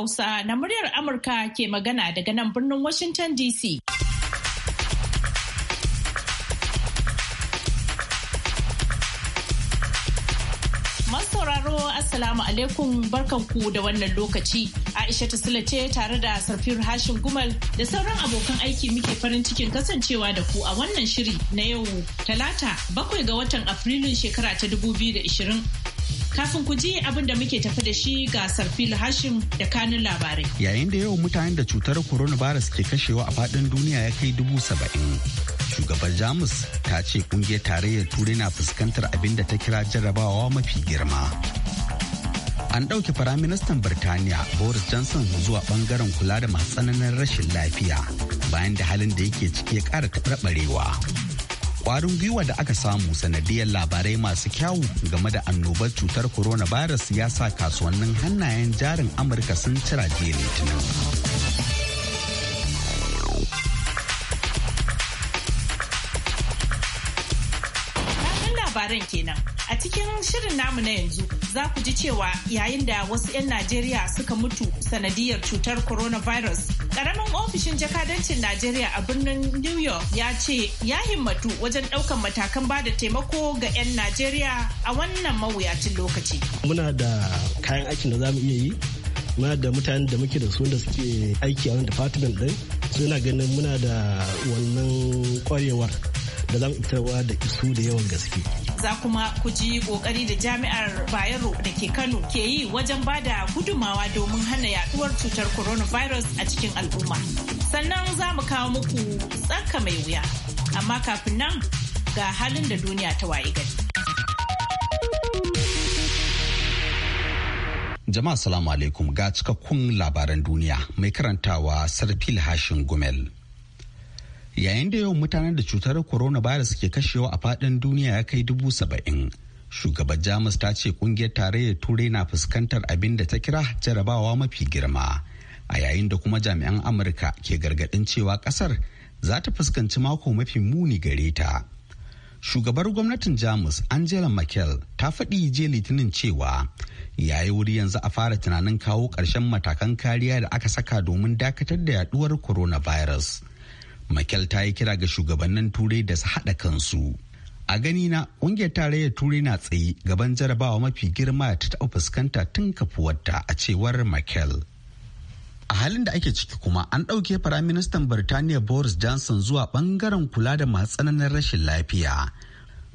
Hausa na muryar Amurka ke magana daga nan birnin Washington DC. sauraro Assalamu alaikum barkanku da wannan lokaci. Aisha Tasila ce tare da Sarfiru Hashin Gumal da sauran abokan aiki muke farin cikin kasancewa da ku a wannan shiri na yau Talata bakwai ga watan Afrilun shekara ta 2020. Kafin ku ji abin da muke tafi da shi ga Sarfil Hashim da kanun labarai. Yayin da yau mutanen da cutar coronavirus ke kashewa a faɗin duniya ya kai dubu saba'in. shugaban Jamus ta ce kungiyar tarayyar Turai na fuskantar abin da ta kira jarrabawa mafi girma. An ɗauke Firaministan Birtaniya Boris Johnson zuwa ɓangaren kula da masu tsananin rashin lafiya bayan da halin da yake ciki ya ƙara taɓarɓarewa. kwarin gwiwa da aka samu sanadiyar labarai masu kyawu game da annobar cutar coronavirus ya sa kasuwannin hannayen jarin amurka sun cira jiya litinin labaran kenan a cikin shirin namu na yanzu za ku ji cewa yayin da wasu 'yan najeriya suka mutu sanadiyar cutar coronavirus Karamin ofishin jakadancin Najeriya a birnin New York ya ce ya himmatu wajen ɗaukan matakan ba da taimako ga 'yan Najeriya a wannan mawuyacin lokaci. Muna da kayan aikin da za mu iya yi, muna da mutanen da muke da su da suke aiki a wani department ɗin, suna ganin muna da wannan kwarewar da za mu fitarwa da isu da yawan gaske. za kuma ku ji kokari da jami'ar bayero da ke kano ke yi wajen ba da gudumawa domin hana yaduwar cutar coronavirus a cikin al'umma sannan za mu kawo muku tsaka mai wuya amma kafin nan ga halin da duniya ta waye gari jama'a salamu alaikum ga cikakkun labaran duniya mai karantawa sarfil hashin gumel yayin da yawan mutanen da cutar coronavirus ke kashewa a faɗin duniya ya kai dubu saba'in Shugaba jamus ta ce kungiyar tarayyar turai na fuskantar abin da ta kira jarabawa mafi girma a yayin da kuma jami'an amurka ke gargadin cewa ƙasar za ta fuskanci mako mafi muni gare ta shugabar gwamnatin jamus angela merkel ta faɗi je litinin cewa yayi wuri yanzu a fara tunanin kawo ƙarshen matakan kariya da aka saka domin dakatar da yaduwar coronavirus. Makel ta yi kira ga shugabannin Turai da su haɗa kansu. A gani na ƙungiyar tarayyar Turai na tsaye gaban jarabawa mafi girma ta taɓa fuskanta tun kafuwarta a cewar Makel. A halin da ake ciki kuma an ɗauke Firaministan Birtaniya Boris Johnson zuwa ɓangaren kula da masu tsananin rashin lafiya.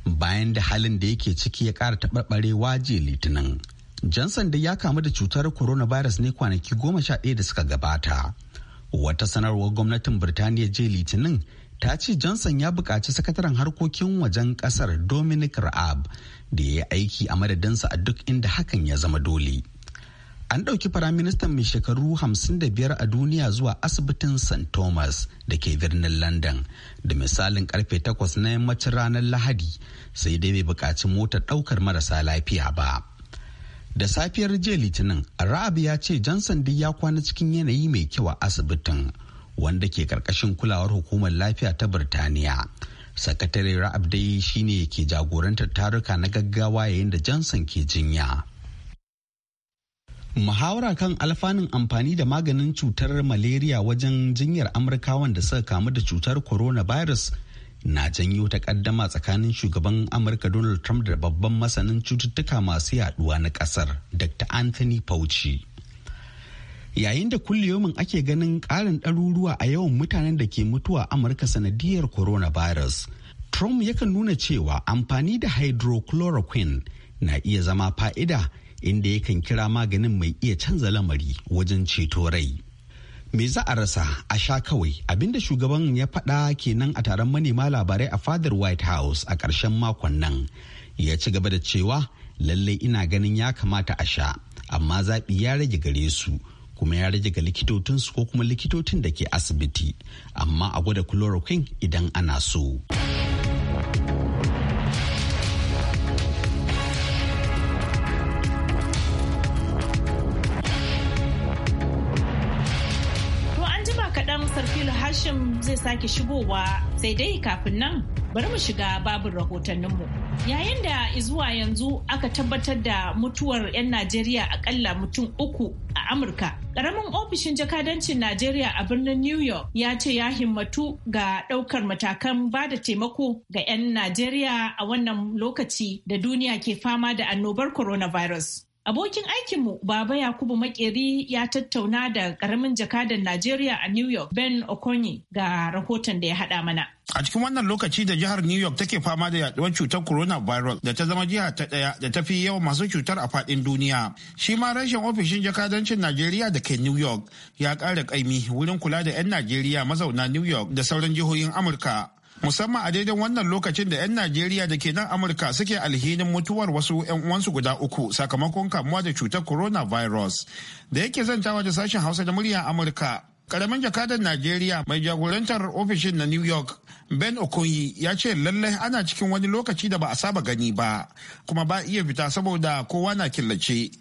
Bayan da halin da yake ciki ya ƙara taɓarɓarewa jiya Litinin. Johnson da ya kamu da cutar coronavirus ne kwanaki goma sha ɗaya da suka gabata. Wata sanarwar gwamnatin Birtaniya jiya Litinin ta ce Johnson ya buƙaci sakataren harkokin wajen ƙasar Dominic Raab da ya yi aiki a madadinsa a duk inda hakan ya zama dole. An ɗauki firaministan mai shekaru 55 a duniya zuwa asibitin St. Thomas da ke birnin London da misalin karfe 8 na yammacin ranar Lahadi sai dai bai buƙaci motar ɗaukar marasa lafiya ba. da safiyar jiya litinin ra'ab ya ce johnson duk ya kwana cikin yanayi mai kyau a asibitin wanda ke karkashin kulawar hukumar lafiya ta birtaniya sakatare ra'ab dai shine ke jagorantar taruka na gaggawa yayin da johnson ke jinya muhawara kan alfanun amfani da maganin cutar malaria wajen jinyar amurkawan da suka kamu da cutar coronavirus na janyo takaddama tsakanin shugaban amurka donald trump da babban masanin cututtuka masu yaduwa na kasar dr anthony fauci yayin da kulliyomin ake ganin karin ɗaruruwa a yawan mutanen da ke mutuwa amurka sanadiyar coronavirus trump yakan nuna cewa amfani da hydrochloroquine na iya zama fa'ida inda yakan kira maganin mai iya canza lamari wajen ceto rai me za a rasa a sha kawai abinda shugaban ya faɗa kenan a taron manema labarai a fadar white house a ƙarshen makon nan ya ci gaba da cewa lallai ina ganin ya kamata a sha amma zaɓi ya rage gare su kuma ya rage ga likitotinsu ko kuma likitotin da ke asibiti amma a gwada chloroquine idan ana so. Sarfil Hashim zai sake shigowa sai dai kafin nan bari mu shiga babin rahotanninmu. Yayin da zuwa yanzu aka tabbatar da mutuwar 'yan Najeriya akalla mutum uku a Amurka. Karamin ofishin jakadancin Najeriya a birnin New York ya ce ya himmatu ga ɗaukar matakan ba da taimako ga 'yan Najeriya a wannan lokaci da duniya ke fama da annobar coronavirus. Abokin aikinmu Baba Yakubu Makeri ya tattauna da karamin jakadan Najeriya a New York Ben Okonye ga rahoton da ya haɗa mana. A cikin wannan lokaci da jihar New York take fama da yaduwar cutar Corona Virus da ta zama jiha ta ɗaya da ta fi yawan masu cutar a faɗin duniya. Shi ma rashin ofishin jakadancin Najeriya da ke New York ya ƙara ƙaimi wurin kula da 'yan Najeriya mazauna New York da sauran jihohin Amurka. musamman a daidai wannan lokacin da 'yan najeriya da ke nan amurka suke alhinin mutuwar wasu 'yan uwansu guda uku sakamakon kamuwa da cutar coronavirus da yake zantawa da sashen hausa da murya amurka Karamin jakadan Najeriya mai jagorantar ofishin na New York Ben Okunyi ya ce lallai ana cikin wani lokaci da ba a saba gani ba kuma ba iya fita saboda kowa na killace.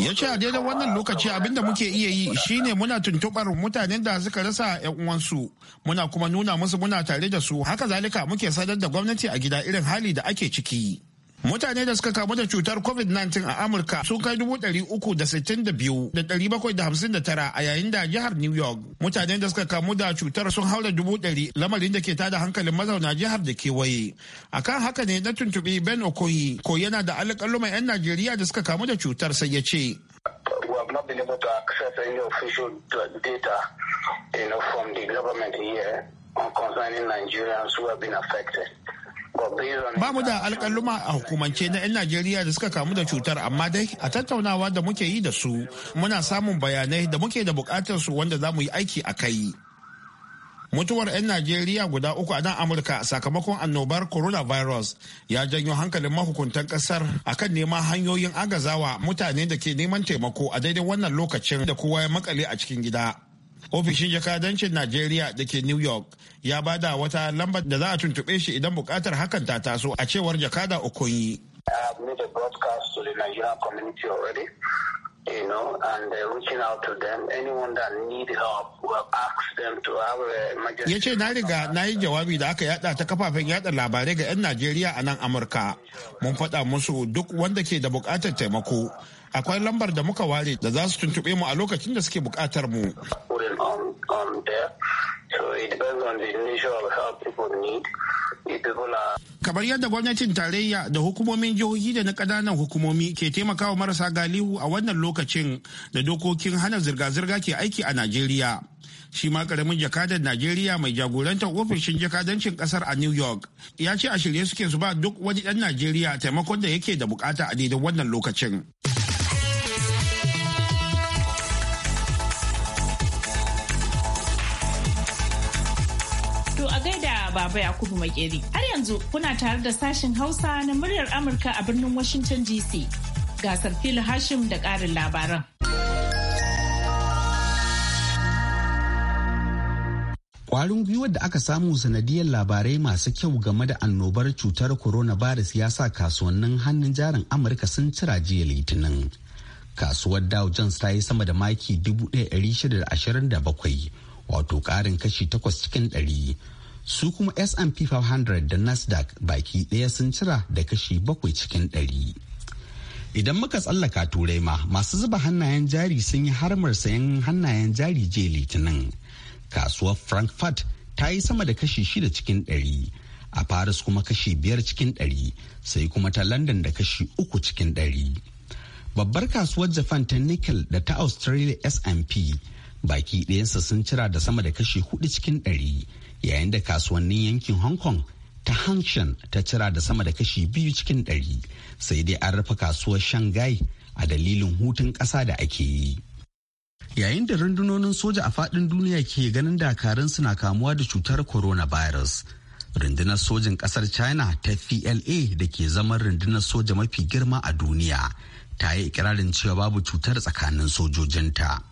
Ya ce a daidai wannan lokaci abinda muke iya yi shine muna tuntubar mutanen da suka rasa 'yan uwansu muna kuma nuna musu muna tare da su haka zalika muke sadar da gwamnati a gida irin hali da ake ciki. Mutane da suka kamu da cutar COVID-19 a Amurka sun kai uku da da da da tara a yayin da jihar New York mutane da suka kamu da cutar sun haura dubu ɗari lamarin da ke tada hankalin mazauna jihar da kewaye. Akan haka ne na tuntuɓi Ben Okoyi ko yana da alƙaluman 'yan Najeriya da suka kamu da cutar sai ya ce. on concerning Nigerians who have been affected. Ba da alƙaluma a hukumance na 'yan Najeriya da suka kamu da cutar amma dai a tattaunawa da muke yi da su muna samun bayanai da muke da buƙatar su wanda za mu yi aiki a kai. Mutuwar 'yan Najeriya guda uku a nan Amurka sakamakon annobar coronavirus ya janyo hankalin mahukuntan ƙasar akan neman hanyoyin agazawa mutane da ke neman taimako a daidai wannan lokacin da kowa ya makale a cikin gida. ofishin jakadancin najeriya da ke new york ya bada wata lambar da za a tuntube shi idan bukatar hakan ta taso a cewar jakada okoyi uh, Ya ce na riga na yi jawabi da aka yada ta kafafen yada labarai ga 'yan Najeriya a nan Amurka. Mun faɗa musu duk wanda ke da buƙatar taimako. akwai lambar da muka ware da za su tuntuɓe mu a lokacin da suke buƙatar mu. from there. So it depends on the nature of help people need. Kamar yadda gwamnatin tarayya da hukumomin jihohi da na ƙananan hukumomi ke taimakawa marasa galihu a wannan lokacin da dokokin hana zirga-zirga ke aiki a Najeriya. Shi ma ƙaramin jakadan Najeriya mai jagorantar ofishin jakadancin ƙasar a New York ya ce a shirye suke su ba duk wani ɗan Najeriya taimakon da yake da bukata a daidai wannan lokacin. Baba Yakubu Makeri. Har yanzu kuna tare da sashen Hausa na muryar Amurka a birnin Washington DC. Gasar fili Hashim da ƙarin labaran. Kwarin gwiwar da aka samu sanadiyar labarai masu kyau game da annobar cutar corona coronavirus ya sa kasuwannin hannun jarin Amurka sun cira jiya litinin. Kasuwar Dow Jones ta yi sama da maki 1,627 wato ƙarin kashi 8 cikin ɗari. su kuma S&P 500 da Nasdaq baki ɗaya sun cira da kashi bakwai cikin ɗari. Idan muka tsallaka turai ma masu zuba hannayen jari sun yi harmar sayan hannayen jari je litinin. Kasuwar Frankfurt ta yi sama da kashi shida cikin ɗari. A Paris kuma kashi biyar cikin ɗari sai kuma ta London da kashi uku cikin ɗari. Babbar kasuwar Japan ta Nickel da ta Australia S&P baki ɗayansa sun cira da sama da kashi hudu cikin ɗari. yayin da kasuwannin yankin hong kong ta hanshan ta cira da sama da kashi biyu cikin ɗari sai dai an rufe kasuwar shanghai a dalilin hutun ƙasa da ake yi yayin da rundunonin soja a faɗin duniya ke ganin dakarun suna kamuwa da cutar coronavirus rundunar sojin ƙasar china ta pla da ke zaman rundunar soja mafi girma a duniya ta yi ikirarin cewa babu cutar tsakanin sojojinta.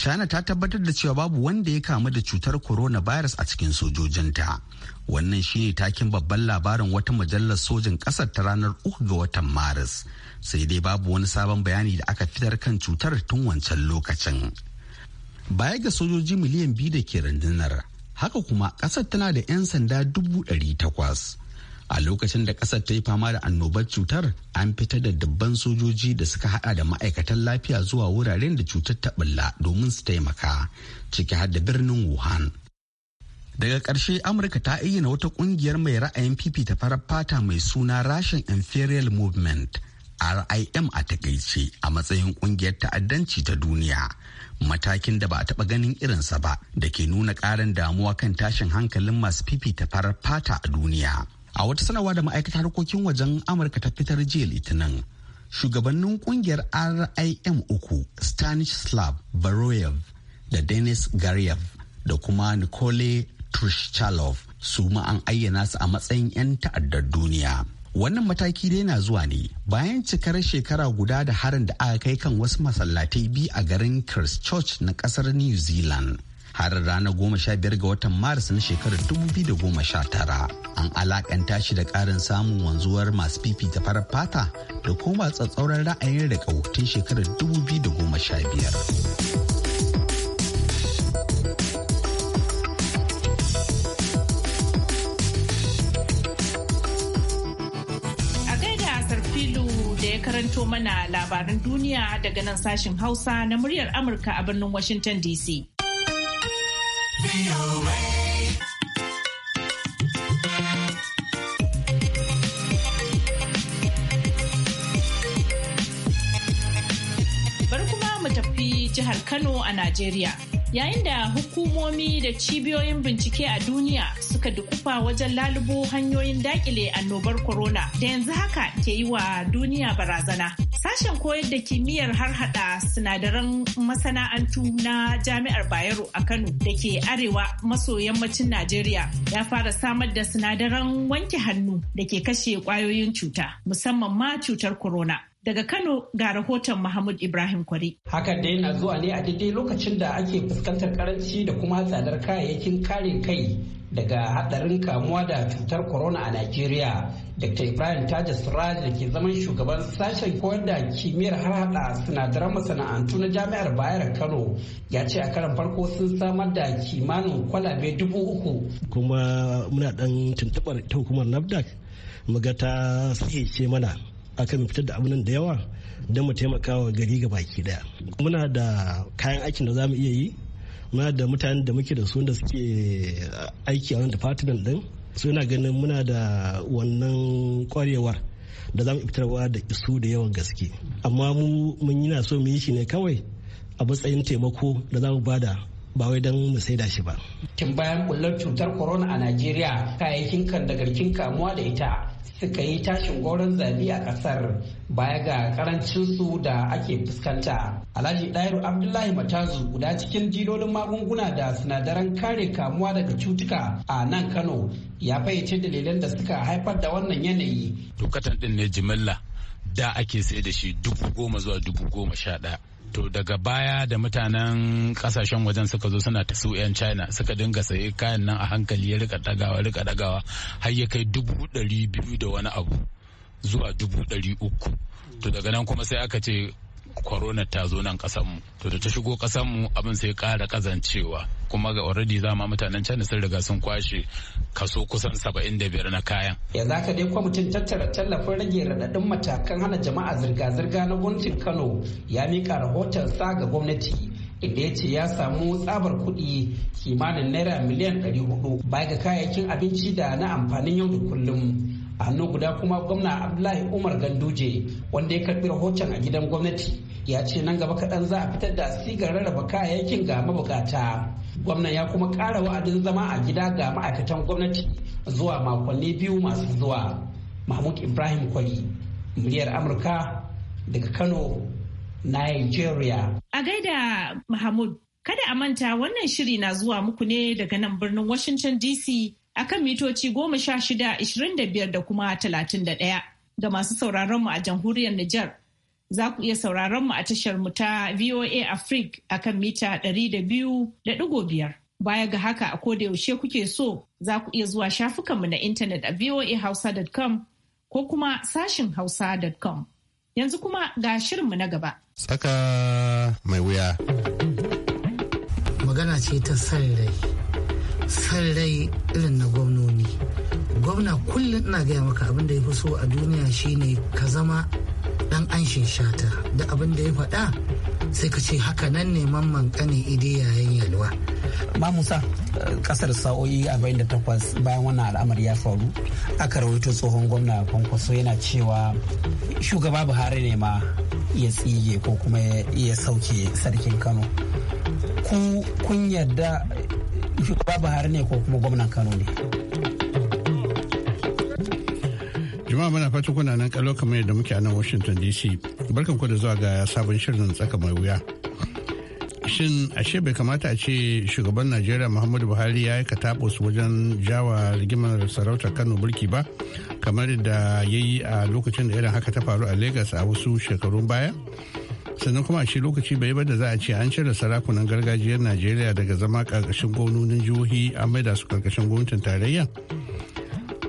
china ta tabbatar da cewa babu wanda ya kamu da cutar corona virus a cikin sojojinta wannan shine takin babban labarin wata mujallar sojin kasar ta ranar uku ga watan maris sai dai babu wani sabon bayani da aka fitar kan cutar tun wancan lokacin baya ga sojoji miliyan biyu da ke rundunar haka kuma kasar tana da 'yan sanda dubu ɗari takwas a lokacin da kasar ta yi fama da annobar cutar an fitar da dubban sojoji da suka hada da ma'aikatan lafiya zuwa wuraren da cutar ta bulla domin su taimaka ciki har da birnin wuhan daga ƙarshe amurka ta ayyana wata ƙungiyar mai ra'ayin fifita farar fata mai suna russian imperial movement rim a takaice a matsayin ƙungiyar ta'addanci ta duniya matakin da ba a taɓa ganin irinsa ba da ke nuna ƙarin damuwa kan tashin hankalin masu fifita farar fata a duniya. a wata sanarwa da ma'aikatar harkokin wajen amurka ta fitar jiya litinin shugabannin kungiyar rim uku stanislav baroyev da denis garyev da kuma nikole trushchalov su ma an ayyana su a matsayin 'yan ta'addar duniya wannan mataki dai na zuwa ne bayan cikar shekara guda da harin da aka kai kan wasu masallatai biyu a garin christchurch na kasar new zealand har ranar goma sha biyar ga watan maris na shekarar dubu biyu da goma sha tara an alakanta shi da karin samun wanzuwar masu fifita farar fata da kuma tsatsauran ra'ayin da tun shekarar dubu biyu da goma sha biyar. karanto mana labaran duniya daga nan sashin Hausa na muryar Amurka a birnin Washington DC. Bari kuma mu tafi jihar Kano a Najeriya. Yayin da hukumomi da cibiyoyin bincike a duniya suka dukufa wajen lalubo hanyoyin dakile annobar corona da yanzu haka ke yi wa duniya barazana. Sashen koyar da kimiyyar harhaɗa sinadaran masana'antu na Jami'ar Bayero a Kano da ke arewa maso yammacin Najeriya ya fara samar da sinadaran wanke hannu da ke kashe ƙwayoyin cuta musamman ma cutar corona. Daga Kano ga rahoton Mahmud Ibrahim Kwari. Hakan dai na zuwa ne a daidai lokacin da ake fuskantar karanci da kuma tsadar kayayyakin kare kai daga hadarin kamuwa da cutar corona a Najeriya. Dr. Ibrahim Taja Siraj da ke zaman shugaban sashen koyar da kimiyyar harhaɗa sinadaran masana'antu na Jami'ar Bayar Kano ya ce a karan farko sun samar da kimanin kwalabe dubu uku. Kuma muna ɗan tuntuɓar ta hukumar NAFDAC muga ta ce mana akan fitar da abunan da yawa don mu taimaka wa gari ga baki daya muna da kayan aikin da za mu iya yi muna da mutanen da muke da su da suke eh, aiki a wannan department din su yana ganin muna da wannan kwarewar da za mu fitarwa da isu da yawan gaske amma mu mun yi so mu yi shi ne kawai a matsayin taimako da za mu bada ba wai don mu saida shi ba. Tun bayan bullar cutar corona a Najeriya kayayyakin kan da garkin kamuwa da ita suka yi tashin goron zabi a kasar baya ga karancin su da ake fuskanta. Alhaji Dairu Abdullahi Matazu guda cikin jilolin magunguna da sinadaran kare kamuwa daga cutuka a nan Kano ya fayyace dalilan da suka haifar da wannan yanayi. Tukatan ɗin ne jimilla da ake sai da shi dubu goma zuwa dubu goma sha ɗaya. to daga baya da mutanen kasashen wajen suka zo suna ta su 'yan china suka dinga saye kayan nan a hankali ya rika dagawa rika dagawa har ya kai dubu ɗari biyu da wani abu zuwa dubu ɗari uku to daga nan kuma sai aka ce corona ta zo nan mu to da ta shigo mu abin sai ƙara kazancewa kuma ga already za ma mutanen can sun riga sun kwashe kaso kusan 75 na kayan za zaka dai kwamitin tattara tallafin rage raɗaɗin matakan hana jama'a zirga-zirga na gwamnatin kano ya mika rahoton sa ga gwamnati inda ya ce ya samu tsabar kuɗi kimanin naira miliyan 400 baya ga kayayyakin abinci da na amfanin yau da kullum a hannu guda kuma gwamna abdullahi umar ganduje wanda ya karbi rahoton a gidan gwamnati ya ce nan gaba kaɗan za a fitar da sigar rarraba kayayyakin ga mabukata gwamnan ya kuma ƙara wa'adin zama a gida ga ma'aikatan gwamnati zuwa makonni biyu masu zuwa mahmud ibrahim kwali muryar amurka daga kano nigeria a gaida mahmud kada a manta wannan shiri na zuwa muku ne daga nan birnin washington dc akan mitoci goma sha shida ishirin da kuma talatin da ɗaya ga masu sauraron mu a jamhuriyar Nijar. Za ku iya sauraron mu a tashar mu ta VOA Africa a kan mita ɗari da biyu da Baya ga haka a ko da yaushe kuke so za ku iya zuwa shafukanmu na intanet a voahausa.com ko kuma sashin hausa.com. Yanzu kuma ga shirinmu na gaba. Saka mai wuya. Magana ce ta san san rai irin na gwamnoni gwamna kullum ina gaya maka abin da ya fi so a duniya shine ka zama dan anshin shata da abin da ya faɗa sai ka ce haka nan ne mamman kane ide yayin yalwa ma musa kasar sa'o'i 48 bayan wannan al'amari ya faru aka rawaito tsohon gwamna kwankwaso yana cewa shugaba buhari ne ma ya tsige ko kuma ya sauke sarkin kano ku kun yarda shugaba buhari ne ko kuma gwamnan kano ne jama'a muna fata kuna nan kalo kamar yadda muke a nan washington dc barkan ku da zuwa ga sabon shirin tsaka mai wuya shin ashe bai kamata a ce shugaban najeriya muhammadu buhari ya yi katabus wajen jawa rigimar sarautar kano mulki ba kamar da ya yi a lokacin da irin haka ta faru a lagos a wasu shekarun baya sannan kuma a shi lokaci bai bada za a ce an cire sarakunan gargajiyar najeriya daga zama karkashin gwamnonin jihohi a maida su karkashin gwamnatin tarayya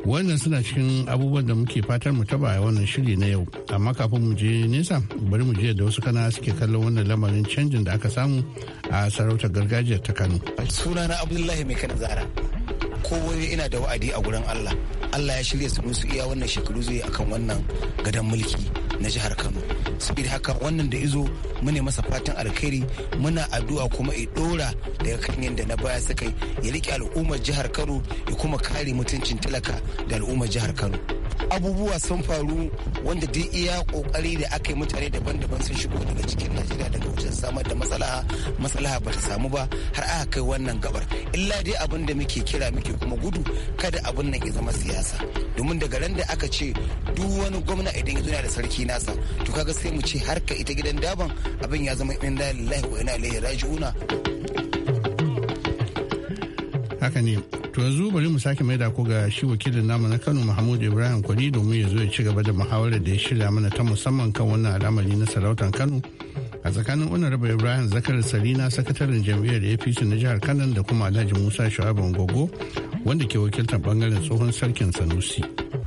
wannan suna cikin abubuwan da muke fatar mu taba a wannan shiri na yau amma kafin mu je nesa bari mu je da wasu kana suke kallon wannan lamarin canjin da aka samu a sarautar gargajiyar ta kano suna na abdullahi mai kana zara ina da wa'adi a gurin allah allah ya shirya su musu iya wannan shekaru zai akan wannan gadon mulki na jihar kano sabida haka wannan da izo mune masa fatan alkhairi muna addu'a kuma i dora daga kan yadda na baya suka yi ya riƙe al'ummar jihar kano ya kuma kare mutuncin talaka da al'ummar jihar kano abubuwa sun faru wanda duk iya kokari da aka yi mutane daban-daban sun shigo daga cikin najeriya daga wajen samar da matsala maslaha ba ta samu ba har aka kai wannan gabar illa dai abin da muke kira muke kuma gudu kada abin nan ya zama siyasa domin daga ran da aka ce duk wani gwamna idan ya zo da sarki nasa to kaga sai mu ce harka ita gidan daban abin ya zama inna lillahi wa inna ilaihi raji'una haka ne To yanzu bari mu sake mai da ku ga shi wakilin namu na Kano Mahmud Ibrahim Kwani domin ya zo ya ci gaba da muhawarar da ya shirya mana ta musamman kan wannan al'amari na sarautar Kano a tsakanin raba Ibrahim Zakar Salina sakataren jam'iyyar APC na jihar Kano da kuma Alhaji Musa shu'aibu Gogo wanda ke wakiltar bangaren tsohon sarkin Sanusi.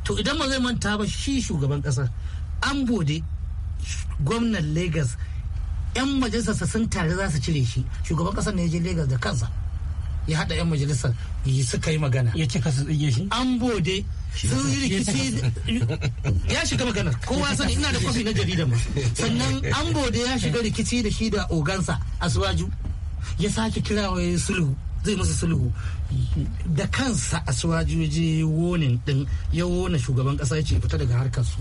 To idan ma zai manta ba shi shugaban kasa an bode gwamnan Lagos 'yan majalisarsa sun tare za su cire shi shugaban kasar ne ya je Lagos da kansa. ya haɗa 'yan majalisar suka yi magana ya cika su tsige shi an bode sun yi rikici ya shiga magana kowa sani ina da kwafi na jarida ma sannan an bode ya shiga rikici da shi da ogansa a suwaju ya sake kirawa ya sulhu zai musu sulhu da kansa a suwaju ya je wonin din ya wona shugaban kasa ya ce fita daga harkar su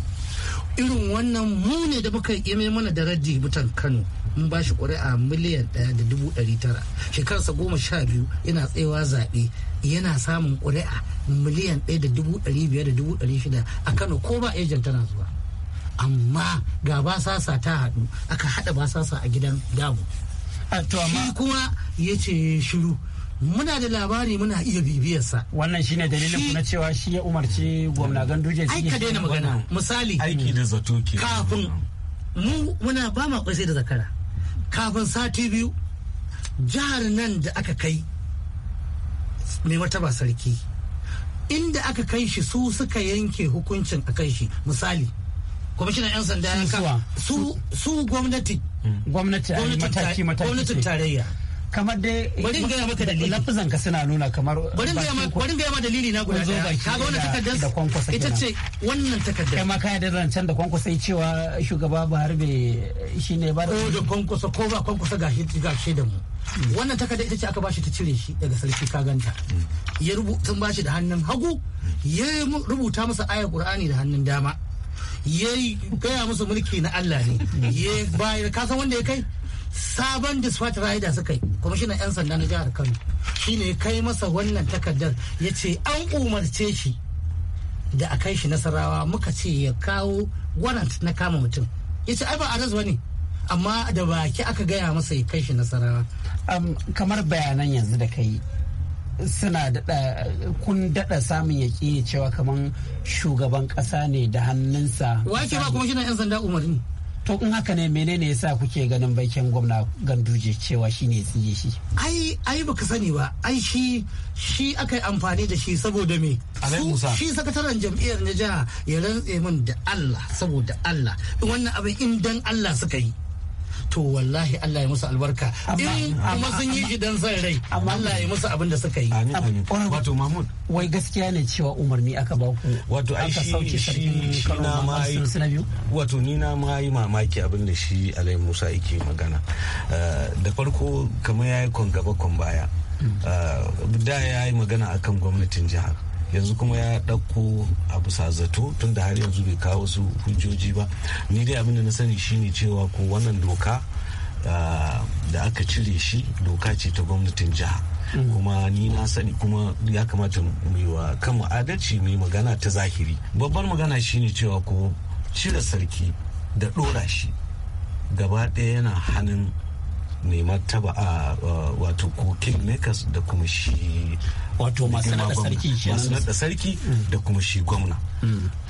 irin wannan mu ne da muka yi mana da raddi mutan kano mun ba shi ƙuri'a miliyan ɗaya da dubu ɗari tara shekarsa goma sha biyu yana tsayawa zaɓe yana samun ƙuri'a miliyan ɗaya da dubu ɗari biyar da dubu ɗari shida a kano ko ba ejan tana zuwa amma ga basasa ta haɗu aka haɗa basasa a gidan damu shi kuma ya ce shiru muna da labari muna iya bibiyarsa wannan shi ne dalilin na cewa shi ya umarci gwamna ganduje ai ka daina magana misali aiki da zato ke kafin mu muna ba ma sai da zakara kafin sati biyu jihar nan da aka kai mai martaba sarki inda aka kai shi su suka yanke hukuncin a kai shi misali kwamishinan 'yan sanda ya su gwamnati gwamnatin tarayya kamar dai bari in gaya maka dalili lafizan ka suna nuna kamar bari in gaya maka bari in gaya maka dalili na guda daya kaga wannan takardar da kwankwasa ita ce wannan takardar kai ma kai da zancen da kwankwasa cewa shugaba Buhari bai shine ba ko da kwankwasa ko ba kwankwasa gashi gashi da mu wannan takardar ita ce aka bashi ta cire shi daga sarki ka ganta. ya rubuta bashi da hannun hagu ya rubuta masa ayar qur'ani da hannun dama ya gaya musu mulki na Allah ne ya bayar kasan wanda ya kai sabon dispatch rider suka yi kwamishinan 'yan sanda na jihar kano shine ya kai masa wannan takardar ya ce an umarce shi da a kai shi nasarawa muka ce ya kawo warrant na kama mutum ya ce ai ba aras ne. amma da baki aka gaya masa ya kai shi nasarawa kamar bayanan yanzu da kai suna daɗa kun dada samun ya cewa kamar shugaban ƙasa ne da hannunsa wake ba kuma shi na 'yan sanda umarni to in haka ne menene yasa kuke ganin bakin gwamna ganduje cewa shi ne tsige shi ai ai baka sani ba ai shi shi aka yi amfani da shi saboda me shi sakataren jam'iyyar na jiha ya rantse min da Allah saboda Allah wannan abin in dan Allah suka yi to wallahi Allah ya musu albarka in kuma sun yi idan zan rai Allah ya musu abin da suka yi wato Mahmud wai gaskiya ne cewa umarni aka ba ku wato ai shi shi na ma wato ni na ma yi mamaki abin da shi Alai Musa yake magana eh, da farko kamar yayi kon gaba kon baya hmm. eh, da ya yi magana akan gwamnatin jihar yanzu kuma ya ɗauko a bisa zato tun da har yanzu bai kawo su hujjoji ba ni dai abin da na sani shine cewa ko wannan doka ah, da aka cire shi doka ce ta gwamnatin jiha mm. kuma ni na sani kuma ya kamata mu yi wa kan adalci mu magana ta zahiri babbar magana shine cewa ko cire sarki da ɗora shi gaba ɗaya yana hannun mai martaba a wato ko makers da kuma shi wato masu nada sarki da kuma shi gwamna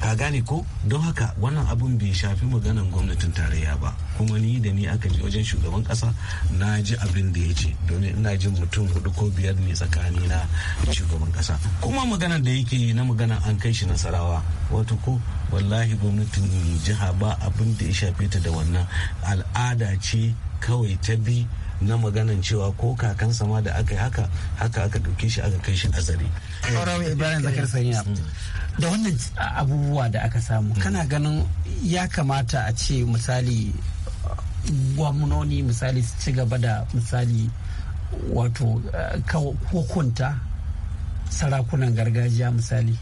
ka gane ko don haka wannan abun bai shafi maganan gwamnatin tarayya ba kuma ni da ni aka je wajen shugaban kasa na ji abin da ya ce domin ina jin mutum hudu ko biyar ne tsakani na shugaban kasa kuma maganan da yake na magana an kai shi nasarawa wato ko wallahi gwamnatin jiha ba abin da ya shafe ta da wannan al'ada ce kawai ta bi na maganan cewa ko kakansa ma da aka yi haka haka aka ɗauke shi aka kai shi azare. Da wannan abubuwa da aka samu mm. kana ganin ya kamata a ce misali gwamnoni misali su ci gaba da misali wato eh, hukunta sarakunan gargajiya misali.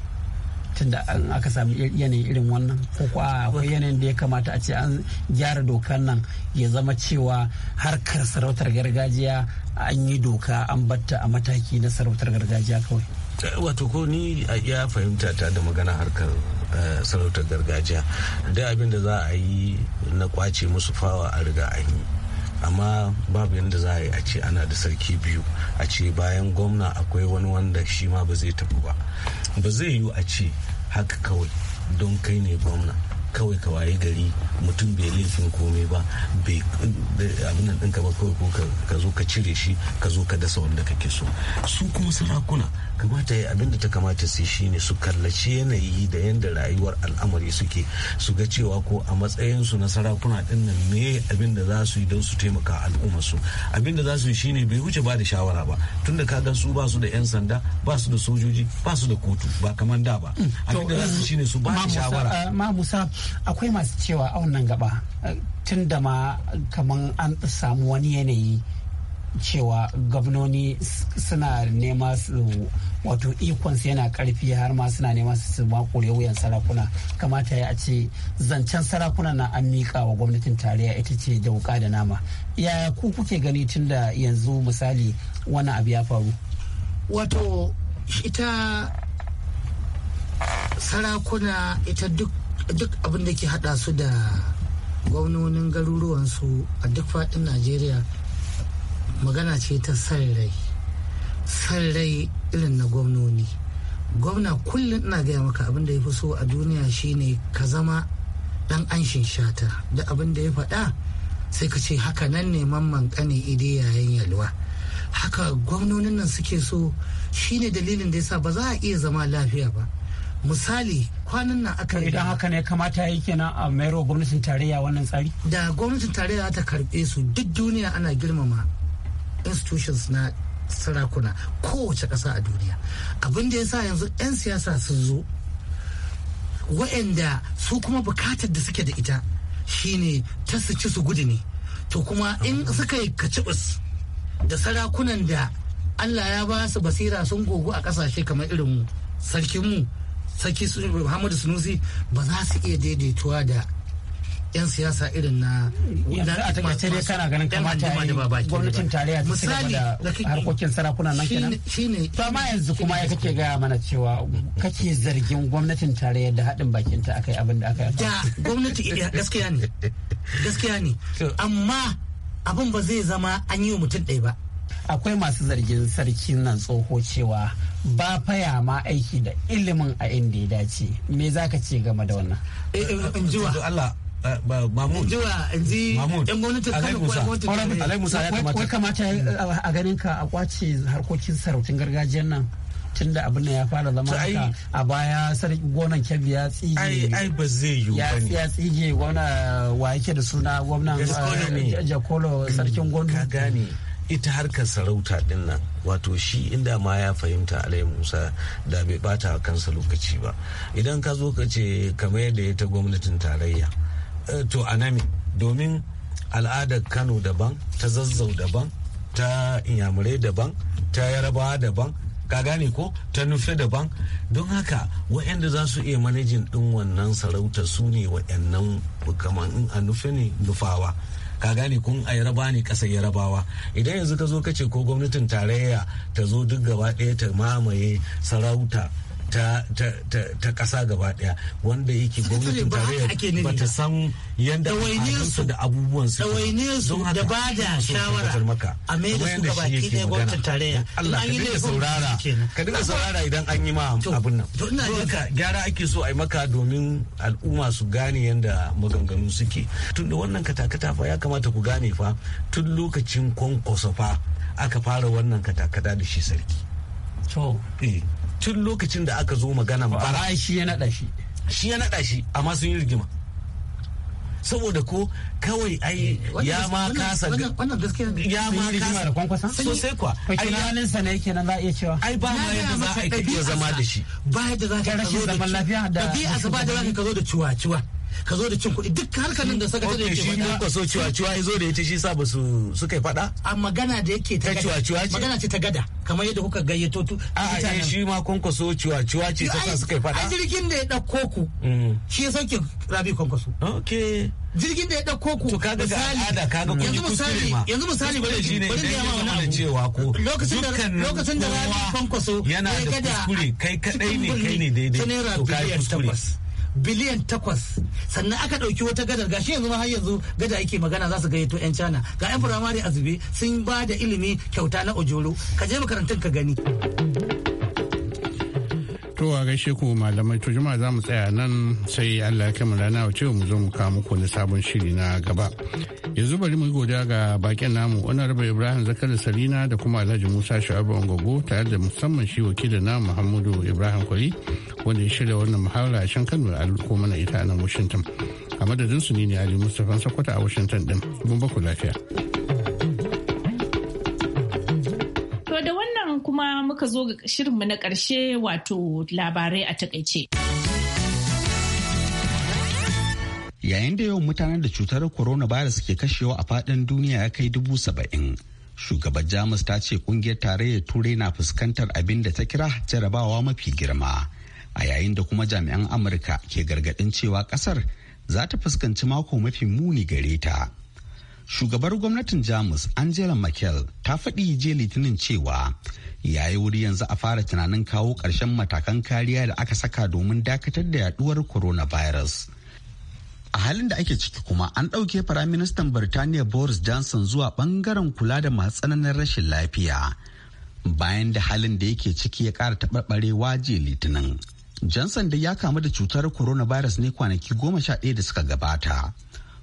tunda an aka sami yanayin irin wannan ko kuwa akwai yanayin da ya kamata a ce an gyara dokar nan ya zama cewa harkar sarautar gargajiya an yi doka an batta a mataki na sarautar gargajiya kawai wato ko ni ya fahimta ta da magana harkar eh, sarautar gargajiya da abin da za a yi na kwace musu fawa a riga an yi amma babu yadda za a yi a ce ana da sarki biyu a ce bayan gwamna akwai wani wanda shi ma ba zai tafi ba ba zai yiwu a ce haka kawai don kai ne gwamna kawai ka waye gari mutum bai laifin komai ba abin nan ɗinka ba kawai ko ka zo ka cire shi ka zo ka dasa wanda kake so su kuma sarakuna kamata ya abin da ta kamata su shi ne su kallaci yanayi da yadda rayuwar al'amari suke su ga cewa ko a matsayin su na sarakuna ɗin nan me abin da za su yi don su taimaka al'umma abin da za su yi shine bai wuce ba da shawara ba tunda ka ga su ba su da 'yan sanda ba su da sojoji ba su da kotu ba kamar da ba mm, abin da za su shine su ba su shawara eh, akwai masu cewa a wannan gaba eh, tun da ma kamar an samu wani yanayi cewa gwamnoni suna nema su wato ikonsu yana karfi har ma suna nema su su makure wuyan sarakuna kamata ya ce zancen sarakuna na an miƙa wa gwamnatin tarayya ita ce da wuka da nama yaya ku kuke gani tun da yanzu misali wani abu ya faru wato ita sarakuna ita duk duk abin da ke hada su da gwamnonin garuruwansu a duk faɗin najeriya magana ce ta san rai san rai irin na gwamnoni gwamna kullum ina gaya maka abin da ya fi so a duniya shine ka zama dan an shata da abin da ya faɗa sai ka ce haka nan ne mamman kane ide yayin yalwa haka gwamnonin nan suke so shine dalilin da ya sa ba za a iya zama lafiya ba misali kwanan nan aka yi idan haka ne kamata yi kenan a mairo gwamnatin tarayya wannan tsari da gwamnatin tarayya ta karbe su duk duniya ana girmama institutions na sarakuna kowace ƙasa a duniya abin da ya sa yanzu 'yan siyasa sun zo wa'anda su kuma bukatar da suke da ita shine ta su ci su gudu ne to kuma in suka yi kacibus da sarakunan da allah ya ba su basira sun gogu a ƙasashe kamar irin mu sarkin mu sarki muhammadu sunusi ba za su iya daidaituwa da yan siyasa irin na a takaice dai kana ganin kamata yi gwamnatin tarayya ta ci gaba da harkokin sarakuna nan kenan to amma yanzu kuma ya kake gaya mana cewa kake zargin gwamnatin tarayya da haɗin bakinta akai abin da aka yi da gwamnati gaskiya ne gaskiya ne amma abin ba zai zama an yi wa mutum ɗaya ba akwai masu zargin sarkin nan tsoho cewa ba faya ma aiki da ilimin a inda ya dace me za ka ce game da wannan Mahmud. Jiwa, ji yan gwamnatin Kano ko gwamnatin Alai Musa ya kamata. Wai kamata a ganin ka a kwace harkokin sarautun gargajiyar nan. tunda abin da ya fara zama ka! a baya sarki gonan kebbi ya tsige ai ba zai yiwu ba ya tsige gwamna wa yake da suna gwamnan jakolo eh, sarkin gondo ka gane ita harkar sarauta din wato shi inda ma ya fahimta alai musa da bai bata kansa lokaci ba idan ka zo ka ce kamar yadda ya ta gwamnatin tarayya eh, to anami domin al'adar kano daban ta zazzau daban ta inyamurai daban ta yarabawa daban ka gane ko ta nufe daban don haka wa'anda za su iya manajin ɗin wannan sarauta su ne waɗannan kamar in a nufe ne nufawa ka gane kun a yaraba ne ƙasar yarabawa idan yanzu ka zo ka ce ko gwamnatin tarayya ta zo duk gaba ɗaya ta mamaye sarauta ta kasa gaba daya wanda yake gwamnatin tarayyar ba ta san yadda su da abubuwan su su da ba da shawara a mai da su gaba ki ɗaya gwamnatin tarayya Allah ka dinga saurara ka dinga saurara idan an yi ma abin nan to ina gyara ake so a yi maka domin al'umma su gane yadda maganganu suke tun da wannan katakata fa ya kamata ku gane fa tun lokacin kwankwaso fa aka fara wannan katakata da shi sarki. Eh. tun lokacin da aka zo magana ba. bara shi ya naɗa shi shi ya naɗa shi a masu yin rigima saboda ko kawai ai eh, ya ma kasa ga. ya ma kasa da kwankwasa sosai kwa ai ranin sa ne nan za a iya cewa ai ba ma yadda za a yi iya zama da shi ba yadda za ka zo da za zaman lafiya da bi asaba da za ka zo da ciwa ciwa ka zo da cin kuɗi duk harkar nan da sakatare yake faɗa. Shi mun so ciwa-ciwa ya zo da ita shi sa ba su suka yi faɗa. A magana da yake ta ciwa-ciwa ce. Magana ce ta gada kamar yadda kuka gayyato tu. A eh, a shi ma kun ciwa-ciwa ce ta sa suka yi faɗa. A jirgin da ya ɗauko ku. Mm. Shi ya sauke rabi kwankwaso. Ok. jirgin da ya ɗauko ku kaga ga al'ada kaga kun misali yanzu misali bari shi ne bari ya ma wani cewa ko lokacin da lokacin da rabi kwankwaso yana da kuskure kai kadai ne kai ne daidai to kai kuskure biliyan takwas sannan aka ɗauki wata gadar gashi yanzu ma har yanzu gada yake magana za su gayyato 'yan cana ga 'yan firamare a zube sun ba da ilimi kyauta na ojoro ka je makarantar ka gani To a gaishe ku malamai to juma za mu tsaya nan sai Allah ya kama rana wace mu zo mu kawo muku na sabon shiri na gaba. Yanzu bari mu yi godiya ga bakin namu Honorable Ibrahim Zakari Salina da kuma Alhaji Musa Shu'abu Angogo tare da musamman shi wakilin na Muhammadu Ibrahim Kwari wanda ya shirya wannan muhawara a can Kano a mana ita a nan Washington. A madadin su ne Ali Mustapha Sokoto a Washington din. Mun ba ku lafiya. muka zo ga shirinmu na ƙarshe wato labarai a takaice. Yayin da yawan mutanen da cutar coronavirus ke kashewa a faɗin duniya ya kai dubu saba'in. Shugaban Jamus ta ce kungiyar tarayyar Turai na fuskantar abin da ta kira jarabawa mafi girma. A yayin da kuma jami'an Amurka ke gargaɗin cewa ƙasar za ta fuskanci mako mafi muni gare ta. shugabar gwamnatin jamus angela merkel ta faɗi je litinin cewa ya yi wuri yanzu a fara tunanin kawo ƙarshen matakan kariya da aka saka domin dakatar da yaduwar coronavirus a halin da ake ciki kuma an ɗauke firaministan birtaniya boris johnson zuwa ɓangaren kula da masu tsananin rashin lafiya bayan da halin da yake ciki ya ƙara taɓarɓarewa je litinin johnson da ya kamu da cutar coronavirus ne kwanaki goma sha ɗaya da suka gabata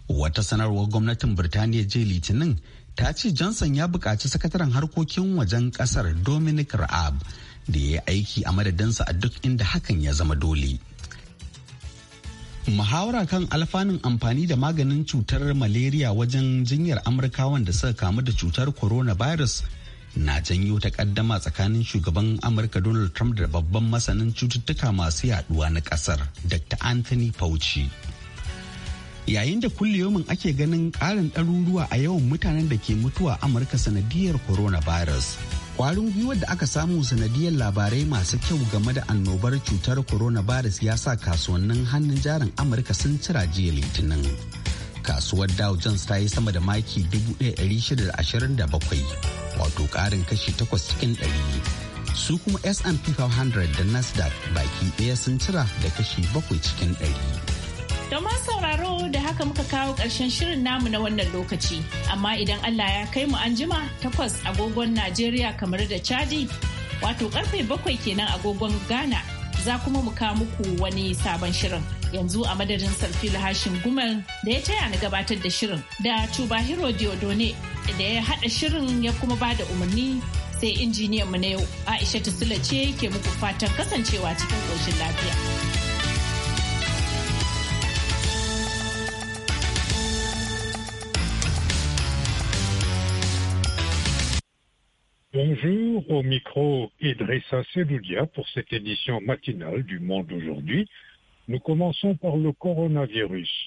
wata sanarwar gwamnatin birtaniya je litinin ta ce johnson ya buƙaci sakataren harkokin wajen ƙasar dominic raab da ya yi aiki a madadinsa a duk inda hakan ya zama dole muhawara kan alfanun amfani da maganin cutar malaria wajen jinyar Amurka wanda suka kamu da cutar coronavirus na janyo takaddama tsakanin shugaban amurka donald trump da babban masanin cututtuka masu yaduwa na kasar dr anthony fauci yayin da kulliyomin ake ganin ƙarin ɗaruruwa a yawan mutanen da ke mutuwa amurka sanadiyar coronavirus kwarin gwiwar da aka samu sanadiyar labarai masu kyau game da annobar cutar coronavirus ya sa kasuwannin hannun jarin amurka sun cira jiya litinin kasuwar dow jones ta yi sama da maki 1627 wato ƙarin kashi 8 cikin 100 su kuma s&p 500 da nasdaq baki ɗaya sun cira da kashi bakwai cikin ɗari. Don ma sauraro da haka muka kawo ƙarshen shirin namu na wannan lokaci, amma idan Allah ya kai mu an jima takwas agogon Najeriya kamar da chadi wato karfe bakwai kenan agogon Ghana za kuma mu kawo muku wani sabon shirin. Yanzu a madadin Sarfil Hashim Gumel da ya taya na gabatar da shirin da Tuba Hero Diodone da ya haɗa shirin ya kuma ba da umarni sai injiniyan mu na yau Aisha Tusula ce ke muku fatan kasancewa cikin ƙoshin lafiya. Bonjour, au micro Idrissa Seloudia pour cette édition matinale du Monde aujourd'hui. Nous commençons par le coronavirus.